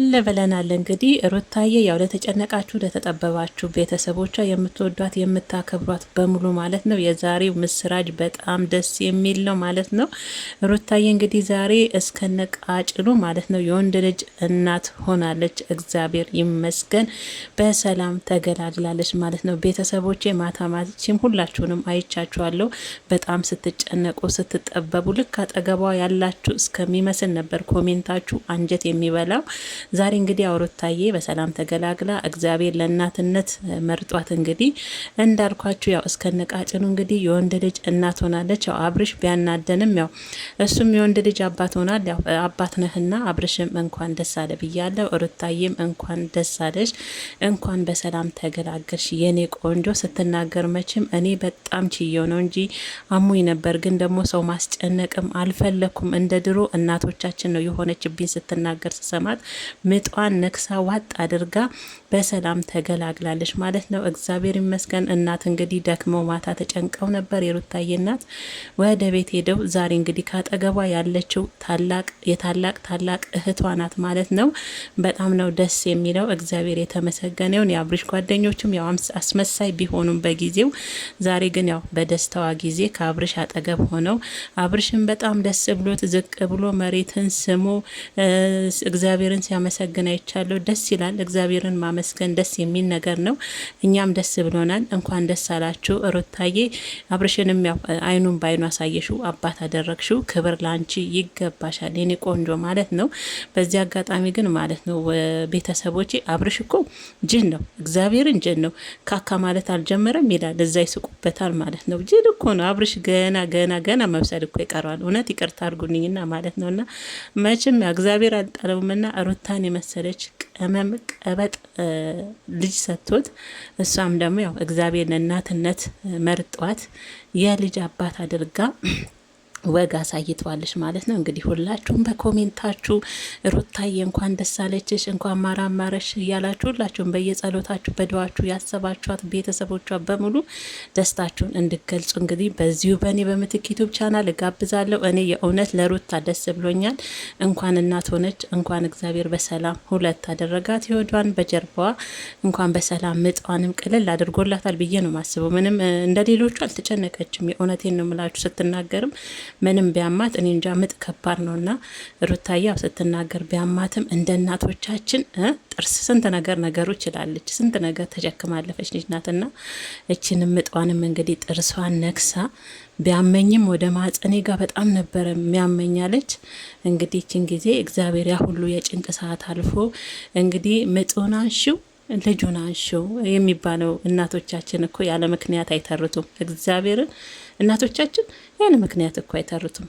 እለበለናል እንግዲህ ሩታዬ ያው ለተጨነቃችሁ ለተጠበባችሁ ቤተሰቦቿ የምትወዷት የምታከብሯት በሙሉ ማለት ነው። የዛሬው ምስራጅ በጣም ደስ የሚል ነው ማለት ነው። ሩታዬ እንግዲህ ዛሬ እስከነቃጭሉ ማለት ነው የወንድ ልጅ እናት ሆናለች። እግዚአብሔር ይመስገን በሰላም ተገላግላለች ማለት ነው። ቤተሰቦቼ ማታ ማችም ሁላችሁንም አይቻችኋለሁ። በጣም ስትጨነቁ ስትጠበቡ ልክ አጠገቧ ያላችሁ እስከሚመስል ነበር ኮሜንታችሁ አንጀት የሚበላው ዛሬ እንግዲህ አውሮታዬ በሰላም ተገላግላ እግዚአብሔር ለእናትነት መርጧት እንግዲህ እንዳልኳችሁ ያው እስከነቃጭኑ እንግዲህ የወንድ ልጅ እናት ሆናለች። ያው አብርሽ ቢያናደንም ያው እሱም የወንድ ልጅ አባት ሆናል። ያው አባት ነህና አብርሽም እንኳን ደስ አለ ብያለሁ። እሩታዬም እንኳን ደስ አለሽ፣ እንኳን በሰላም ተገላገልሽ የኔ ቆንጆ። ስትናገር መቼም እኔ በጣም ችየው ነው እንጂ አሙኝ ነበር፣ ግን ደግሞ ሰው ማስጨነቅም አልፈለኩም። እንደ ድሮ እናቶቻችን ነው የሆነችብኝ ስትናገር ስሰማት ምጧን ነክሳ ዋጥ አድርጋ በሰላም ተገላግላለች ማለት ነው። እግዚአብሔር ይመስገን። እናት እንግዲህ ደክመው ማታ ተጨንቀው ነበር የሩታዬ እናት ወደ ቤት ሄደው ዛሬ እንግዲህ ካጠገቧ ያለችው ታላቅ የታላቅ ታላቅ እህቷ ናት ማለት ነው። በጣም ነው ደስ የሚለው። እግዚአብሔር የተመሰገነውን የአብሪሽ ጓደኞችም ያው አስመሳይ ቢሆኑም በጊዜው ዛሬ ግን ያው በደስታዋ ጊዜ ከአብርሽ አጠገብ ሆነው አብርሽን በጣም ደስ ብሎት ዝቅ ብሎ መሬትን ስሞ እግዚአብሔርን ሲያ ሲያመሰግን አይቻለሁ። ደስ ይላል። እግዚአብሔርን ማመስገን ደስ የሚል ነገር ነው። እኛም ደስ ብሎናል። እንኳን ደስ አላችሁ ሩታዬ። አብርሽንም አይኑን በአይኑ አሳየሽው፣ አባት አደረግሽው። ክብር ለአንቺ ይገባሻል የኔ ቆንጆ ማለት ነው። በዚህ አጋጣሚ ግን ማለት ነው ቤተሰቦቼ አብርሽ እኮ ጅን ነው፣ እግዚአብሔርን ጅን ነው። ካካ ማለት አልጀመረም ይላል፣ እዛ ይስቁበታል ማለት ነው። ጅን እኮ ነው አብርሽ። ገና ገና ገና መብሰል እኮ ይቀረዋል። እውነት ይቅርታ አድርጉልኝና ማለት ነውና መቼም እግዚአብሔር አልጠለውምና ሩታ ሩታን የመሰለች ቀመም ቀበጥ ልጅ ሰጥቶት እሷም ደግሞ ያው እግዚአብሔር ለእናትነት መርጧት የልጅ አባት አድርጋ ወግ አሳይተዋለች ማለት ነው። እንግዲህ ሁላችሁም በኮሜንታችሁ ሩታዬ እንኳን ደስ አለችሽ እንኳን ማራማረሽ አማረሽ እያላችሁ ሁላችሁም በየጸሎታችሁ በድዋችሁ ያሰባችኋት ቤተሰቦቿ በሙሉ ደስታችሁን እንድገልጹ እንግዲህ በዚሁ በእኔ በምትክ ዩቱብ ቻናል እጋብዛለሁ። እኔ የእውነት ለሩታ ደስ ብሎኛል። እንኳን እናት ሆነች፣ እንኳን እግዚአብሔር በሰላም ሁለት አደረጋት። የወዷን በጀርባዋ እንኳን በሰላም ምጧንም ቅልል አድርጎላታል ብዬ ነው ማስበው። ምንም እንደሌሎቹ አልተጨነቀችም። የእውነቴን ነው ምላችሁ ስትናገርም ምንም ቢያማት እኔ እንጃ ምጥ ከባድ ነው እና ሩታዬ ስትናገር ቢያማትም እንደ እናቶቻችን ጥርስ ስንት ነገር ነገሩ ይችላለች ስንት ነገር ተሸክማለፈች ልጅ ናትና እችንም ምጧንም እንግዲህ ጥርሷን ነክሳ ቢያመኝም ወደ ማጸኔ ጋር በጣም ነበረ የሚያመኛለች። እንግዲህ ይችን ጊዜ እግዚአብሔር ያ ሁሉ የጭንቅ ሰዓት አልፎ እንግዲህ ምጡን አንሺው ልጁን አንሺው የሚባለው እናቶቻችን እኮ ያለ ምክንያት አይተርቱም። እግዚአብሔርን እናቶቻችን ያለ ምክንያት እኮ አይተርቱም።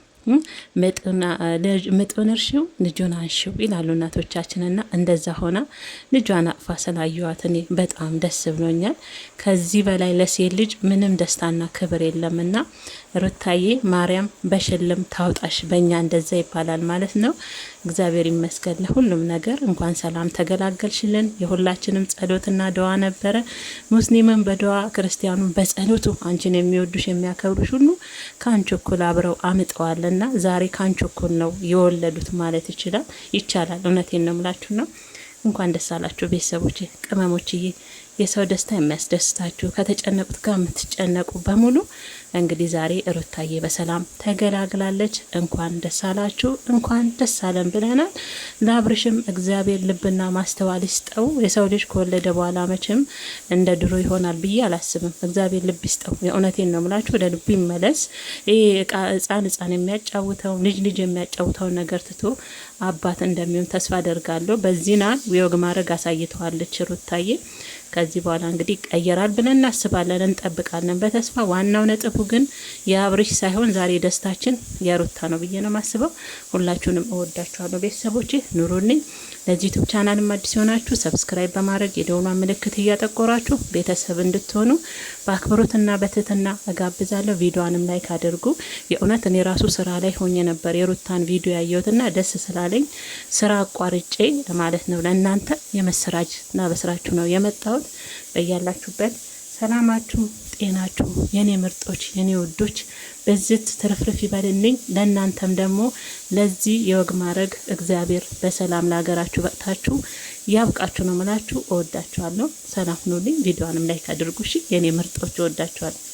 ምጡን እርሺው ልጁን አንሺው ይላሉ እናቶቻችንና እንደዛ ሆና ልጇን አቅፋ ስላየዋት እኔ በጣም ደስ ብሎኛል። ከዚህ በላይ ለሴት ልጅ ምንም ደስታና ክብር የለምና ሩታዬ ማርያም በሽልም ታውጣሽ። በእኛ እንደዛ ይባላል ማለት ነው። እግዚአብሔር ይመስገን ለሁሉም ነገር። እንኳን ሰላም ተገላገልሽልን። የሁላችንም ጸሎትና ደዋ ነበረ። ሙስሊምን በደዋ ክርስቲያኑ በጸሎቱ አንቺን የሚወዱሽ የሚያከብሩሽ ሁሉ ከአንቺ እኩል አብረው አምጠዋልና ዛሬ ከአንቺ እኩል ነው የወለዱት ማለት ይችላል ይቻላል። እውነቴን ነው የምላችሁ ነው። እንኳን ደስ አላችሁ ቤተሰቦች ቅመሞችዬ። የሰው ደስታ የሚያስደስታችሁ ከተጨነቁት ጋር የምትጨነቁ በሙሉ እንግዲህ ዛሬ ሩታዬ በሰላም ተገላግላለች። እንኳን ደስ አላችሁ፣ እንኳን ደስ አለን ብለናል። ለአብርሽም እግዚአብሔር ልብና ማስተዋል ይስጠው። የሰው ልጅ ከወለደ በኋላ መቼም እንደ ድሮ ይሆናል ብዬ አላስብም። እግዚአብሔር ልብ ይስጠው። የእውነቴን ነው ምላችሁ፣ ወደ ልቡ ይመለስ። ይህ ህፃን የሚያጫውተው ልጅ ልጅ የሚያጫውተውን ነገር ትቶ አባት እንደሚሆን ተስፋ አደርጋለሁ። በዚህ ናል ወግ ማድረግ አሳይተዋለች ሩታዬ። ከዚህ በኋላ እንግዲህ ይቀየራል ብለን እናስባለን፣ እንጠብቃለን በተስፋ ዋናው ነጥቡ ግን የአብርሽ ሳይሆን ዛሬ ደስታችን የሩታ ነው ብዬ ነው የማስበው። ሁላችሁንም እወዳችኋለሁ ቤተሰቦች ኑሩልኝ። ለዚህ ዩቱብ ቻናልም አዲስ የሆናችሁ ሰብስክራይብ በማድረግ የደውሏን ምልክት እያጠቆራችሁ ቤተሰብ እንድትሆኑ በአክብሮትና በትህትና እጋብዛለሁ። ቪዲዮንም ላይክ አድርጉ። የእውነት እኔ ራሱ ስራ ላይ ሆኜ ነበር የሩታን ቪዲዮ ያየሁትና ደስ ስላለኝ ስራ አቋርጬ ማለት ነው ለእናንተ የመሰራጅ እና በስራችሁ ነው የመጣሁት። በያላችሁበት ሰላማችሁ ጤናችሁ የኔ ምርጦች የኔ ውዶች በዝት ትርፍርፍ ይበልልኝ። ለእናንተም ደግሞ ለዚህ የወግ ማድረግ እግዚአብሔር በሰላም ለሀገራችሁ በቅታችሁ ያብቃችሁ ነው ምላችሁ። እወዳችኋለሁ። ሰላም ሁኑልኝ። ቪዲዮንም ላይክ አድርጉ። የኔ ምርጦች እወዳችኋለሁ።